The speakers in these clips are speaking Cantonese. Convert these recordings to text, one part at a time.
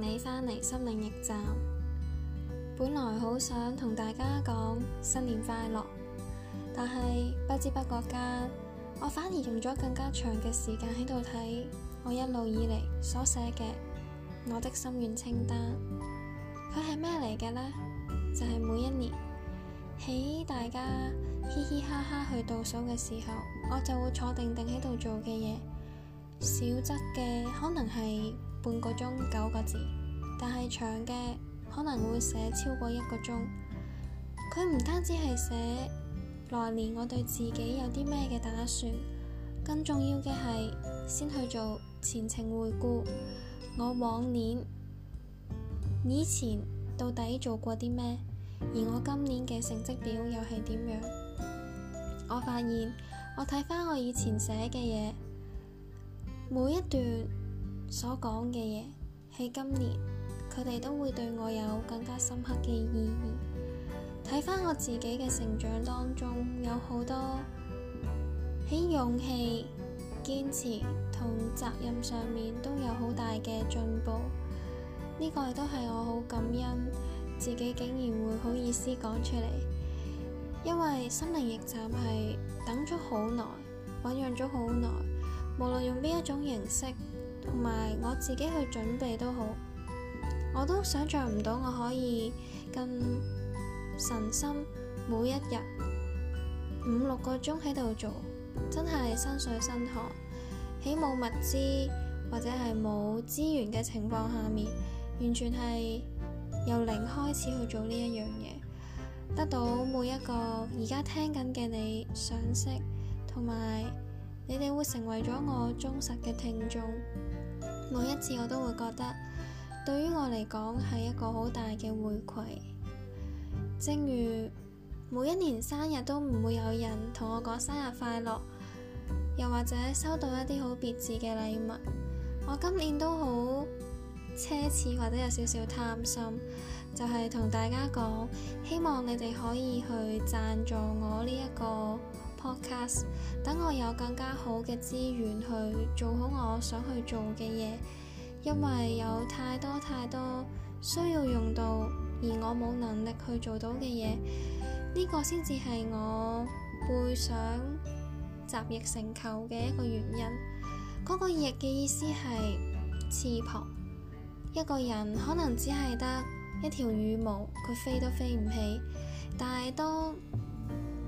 你返嚟心靈驛站，本來好想同大家講新年快樂，但係不知不覺間，我反而用咗更加長嘅時間喺度睇我一路以嚟所寫嘅我的心願清單。佢係咩嚟嘅呢？就係、是、每一年喺大家嘻嘻哈哈去倒數嘅時候，我就會坐定定喺度做嘅嘢，小則嘅可能係。半個鐘九個字，但係長嘅可能會寫超過一個鐘。佢唔單止係寫來年我對自己有啲咩嘅打算，更重要嘅係先去做前程回顧。我往年以前到底做過啲咩？而我今年嘅成績表又係點樣？我發現我睇翻我以前寫嘅嘢，每一段。所講嘅嘢，喺今年佢哋都會對我有更加深刻嘅意義。睇翻我自己嘅成長當中，有好多喺勇氣、堅持同責任上面都有好大嘅進步。呢個亦都係我好感恩自己竟然會好意思講出嚟，因為心靈驛站係等咗好耐，醞釀咗好耐，無論用邊一種形式。同埋我自己去準備都好，我都想像唔到我可以咁神心每一日五六個鐘喺度做，真係身水身汗，喺冇物資或者係冇資源嘅情況下面，完全係由零開始去做呢一樣嘢，得到每一個而家聽緊嘅你賞識，同埋你哋會成為咗我忠實嘅聽眾。每一次我都會覺得，對於我嚟講係一個好大嘅回饋。正如每一年生日都唔會有人同我講生日快樂，又或者收到一啲好別致嘅禮物。我今年都好奢侈，或者有少少貪心，就係同大家講，希望你哋可以去贊助我呢一個。等我有更加好嘅資源去做好我想去做嘅嘢，因為有太多太多需要用到而我冇能力去做到嘅嘢，呢、這個先至係我背想集翼成裘嘅一個原因。嗰、這個翼嘅意思係翅膀，一個人可能只係得一條羽毛，佢飛都飛唔起，但係當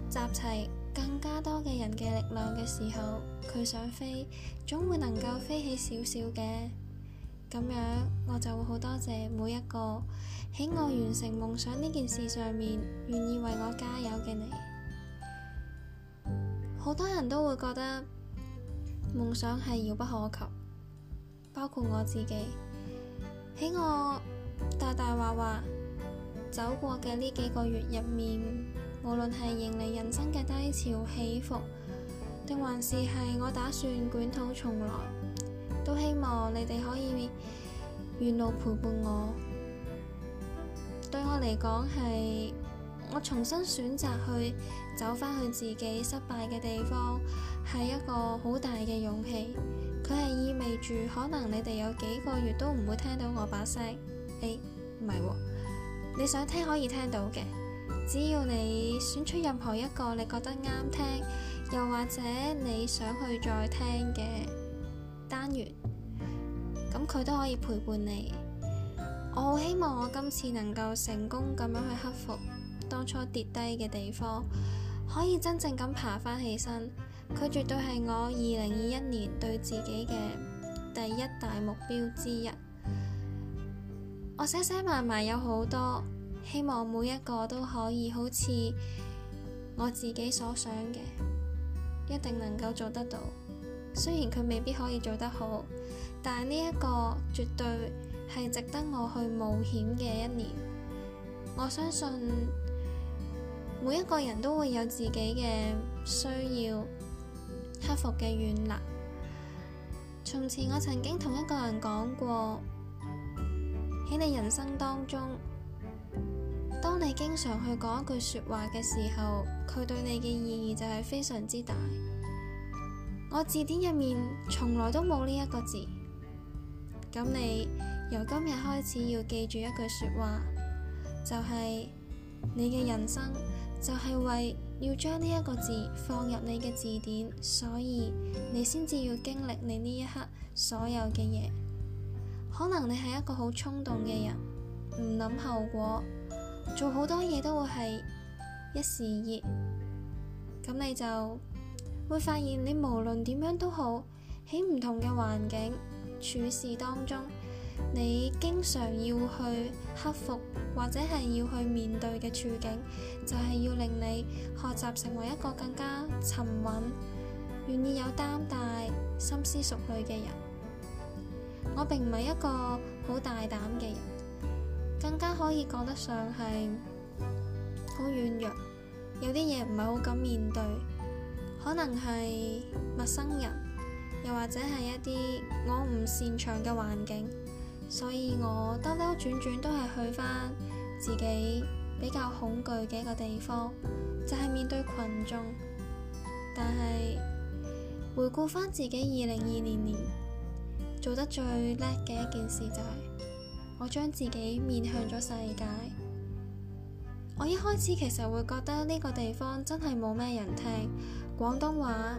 集齊，更加多嘅人嘅力量嘅時候，佢想飛，總會能夠飛起少少嘅。咁樣我就會好多謝每一個喺我完成夢想呢件事上面願意為我加油嘅你。好多人都會覺得夢想係遙不可及，包括我自己喺我大大話話走過嘅呢幾個月入面。無論係迎嚟人生嘅低潮起伏，定還是係我打算捲土重來，都希望你哋可以沿路陪伴我。對我嚟講係我重新選擇去走返去自己失敗嘅地方，係一個好大嘅勇氣。佢係意味住可能你哋有幾個月都唔會聽到我把聲。誒唔係，你想聽可以聽到嘅。只要你選出任何一個你覺得啱聽，又或者你想去再聽嘅單元，咁佢都可以陪伴你。我好希望我今次能夠成功咁樣去克服當初跌低嘅地方，可以真正咁爬返起身。佢絕對係我二零二一年對自己嘅第一大目標之一。我寫寫埋埋有好多。希望每一個都可以好似我自己所想嘅，一定能夠做得到。雖然佢未必可以做得好，但係呢一個絕對係值得我去冒險嘅一年。我相信每一個人都會有自己嘅需要克服嘅軟肋。從前我曾經同一個人講過：喺你人生當中。當你經常去講一句說話嘅時候，佢對你嘅意義就係非常之大。我字典入面從來都冇呢一個字。咁你由今日開始要記住一句說話，就係你嘅人生就係為要將呢一個字放入你嘅字典，所以你先至要經歷你呢一刻所有嘅嘢。可能你係一個好衝動嘅人，唔諗後果。做好多嘢都會係一時熱，咁你就會發現你無論點樣都好，喺唔同嘅環境處事當中，你經常要去克服或者係要去面對嘅處境，就係要令你學習成為一個更加沉穩、願意有擔帶深思熟慮嘅人。我並唔係一個好大膽嘅人。更加可以講得上係好軟弱，有啲嘢唔係好敢面對，可能係陌生人，又或者係一啲我唔擅長嘅環境，所以我兜兜轉轉都係去翻自己比較恐懼嘅一個地方，就係、是、面對群眾。但係回顧翻自己二零二零年，年做得最叻嘅一件事就係、是。我將自己面向咗世界。我一開始其實會覺得呢個地方真係冇咩人聽廣東話，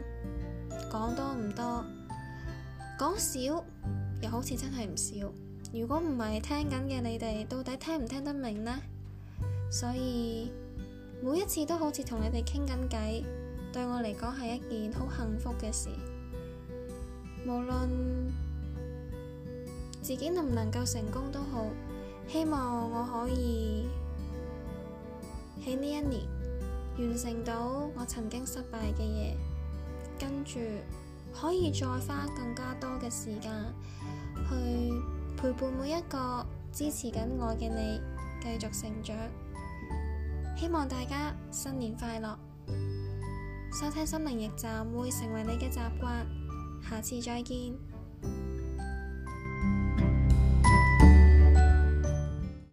講多唔多，講少又好似真係唔少。如果唔係聽緊嘅你哋，到底聽唔聽得明呢？所以每一次都好似同你哋傾緊偈，對我嚟講係一件好幸福嘅事。無論。自己能唔能夠成功都好，希望我可以喺呢一年完成到我曾經失敗嘅嘢，跟住可以再花更加多嘅時間去陪伴每一個支持緊我嘅你繼續成長。希望大家新年快樂，收聽心靈驛站會成為你嘅習慣，下次再見。